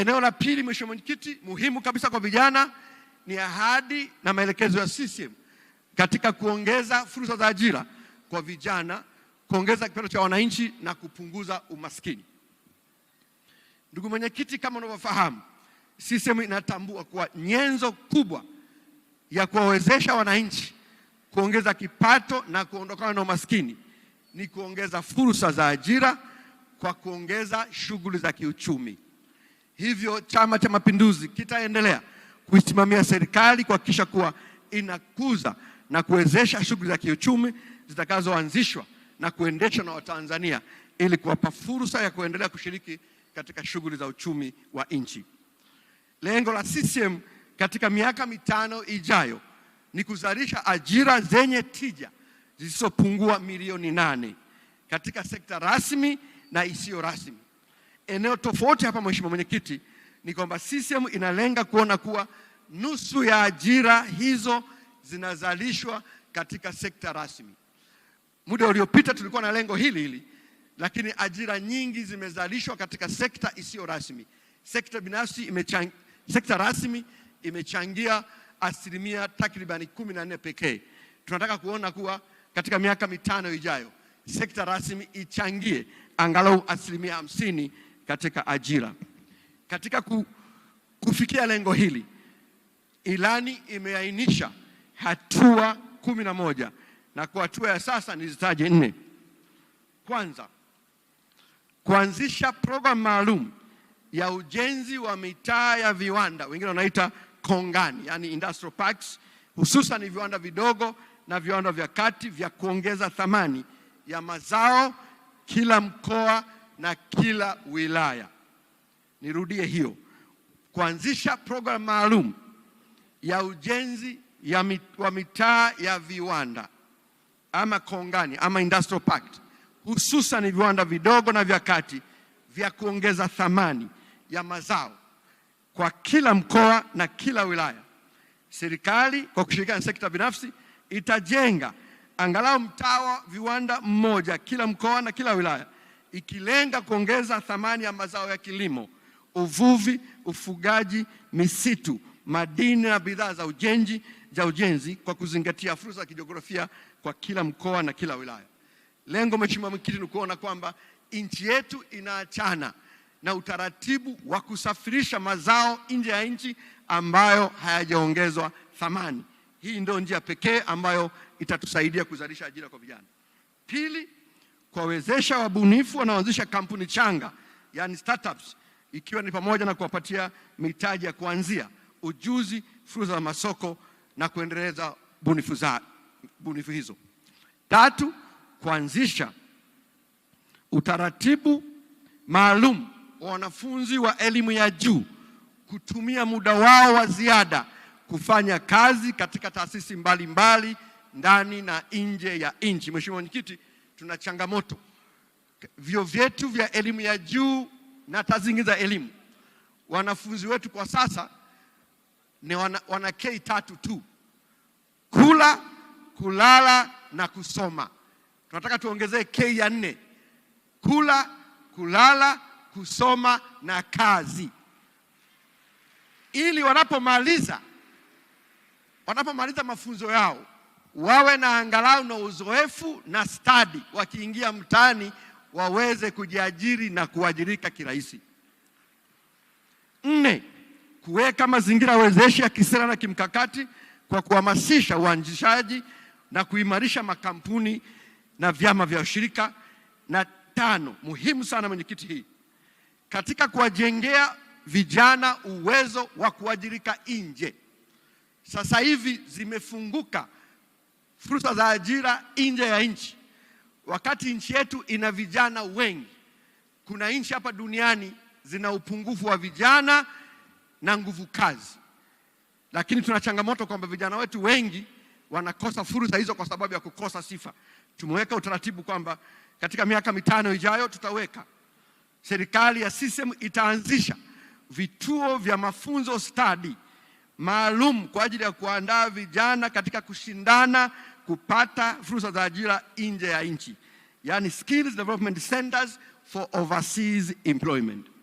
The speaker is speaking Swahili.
Eneo la pili, mheshimiwa mwenyekiti, muhimu kabisa kwa vijana ni ahadi na maelekezo ya CCM katika kuongeza fursa za ajira kwa vijana, kuongeza kipato cha wananchi na kupunguza umaskini. Ndugu mwenyekiti, kama unavyofahamu, CCM inatambua kuwa nyenzo kubwa ya kuwawezesha wananchi kuongeza kipato na kuondokana na umaskini ni kuongeza fursa za ajira kwa kuongeza shughuli za kiuchumi. Hivyo Chama cha Mapinduzi kitaendelea kuisimamia serikali kuhakikisha kuwa inakuza na kuwezesha shughuli za kiuchumi zitakazoanzishwa na kuendeshwa na Watanzania ili kuwapa fursa ya kuendelea kushiriki katika shughuli za uchumi wa nchi. Lengo la CCM katika miaka mitano ijayo ni kuzalisha ajira zenye tija zisizopungua milioni nane katika sekta rasmi na isiyo rasmi eneo tofauti hapa, mheshimiwa mwenyekiti, ni kwamba CCM inalenga kuona kuwa nusu ya ajira hizo zinazalishwa katika sekta rasmi. Muda uliopita tulikuwa na lengo hili hili, lakini ajira nyingi zimezalishwa katika sekta isiyo rasmi. Sekta binafsi imechangia, sekta rasmi imechangia asilimia takribani kumi na nne pekee. Tunataka kuona kuwa katika miaka mitano ijayo sekta rasmi ichangie angalau asilimia hamsini katika ajira. Katika kufikia lengo hili, ilani imeainisha hatua kumi na moja na kwa hatua ya sasa nizitaje nne. Kwanza, kuanzisha programu maalum ya ujenzi wa mitaa ya viwanda, wengine wanaita kongani, yani industrial parks, hususan viwanda vidogo na viwanda vya kati vya kuongeza thamani ya mazao. Kila mkoa na kila wilaya. Nirudie hiyo, kuanzisha programu maalum ya ujenzi ya mit, wa mitaa ya viwanda ama kongani ama industrial park, hususan viwanda vidogo na vya kati vya kuongeza thamani ya mazao kwa kila mkoa na kila wilaya. Serikali kwa kushirikiana na sekta binafsi itajenga angalau mtaa wa viwanda mmoja kila mkoa na kila wilaya ikilenga kuongeza thamani ya mazao ya kilimo, uvuvi, ufugaji, misitu, madini na bidhaa za ujenzi za ujenzi kwa kuzingatia fursa za kijiografia kwa kila mkoa na kila wilaya. Lengo, Mheshimiwa Mwenyekiti, ni kuona kwamba nchi yetu inaachana na utaratibu wa kusafirisha mazao nje ya nchi ambayo hayajaongezwa thamani. Hii ndio njia pekee ambayo itatusaidia kuzalisha ajira kwa vijana. Pili, kuwawezesha wabunifu wanaoanzisha kampuni changa, yani startups, ikiwa ni pamoja na kuwapatia mitaji ya kuanzia, ujuzi, fursa za masoko na kuendeleza bunifu, za, bunifu hizo. Tatu, kuanzisha utaratibu maalum wa wanafunzi wa elimu ya juu kutumia muda wao wa ziada kufanya kazi katika taasisi mbalimbali mbali, ndani na nje ya nchi. Mheshimiwa Mwenyekiti, tuna changamoto vyo vyetu vya elimu ya juu na taasisi za elimu. Wanafunzi wetu kwa sasa ni wana, wana K tatu tu: kula, kulala na kusoma. Tunataka tuongezee K ya nne: kula, kulala, kusoma na kazi, ili wanapomaliza wanapomaliza mafunzo yao wawe na angalau na uzoefu na stadi, wakiingia mtaani waweze kujiajiri na kuajirika kirahisi. Nne, kuweka mazingira wezeshi ya kisera na kimkakati kwa kuhamasisha uanzishaji na kuimarisha makampuni na vyama vya ushirika. Na tano, muhimu sana mwenyekiti, hii katika kuwajengea vijana uwezo wa kuajirika nje, sasa hivi zimefunguka fursa za ajira nje ya nchi, wakati nchi yetu ina vijana wengi. Kuna nchi hapa duniani zina upungufu wa vijana na nguvu kazi, lakini tuna changamoto kwamba vijana wetu wengi wanakosa fursa hizo kwa sababu ya kukosa sifa. Tumeweka utaratibu kwamba katika miaka mitano ijayo tutaweka, serikali ya system itaanzisha vituo vya mafunzo stadi maalum kwa ajili ya kuandaa vijana katika kushindana kupata fursa za ajira nje ya nchi, yani skills development centers for overseas employment.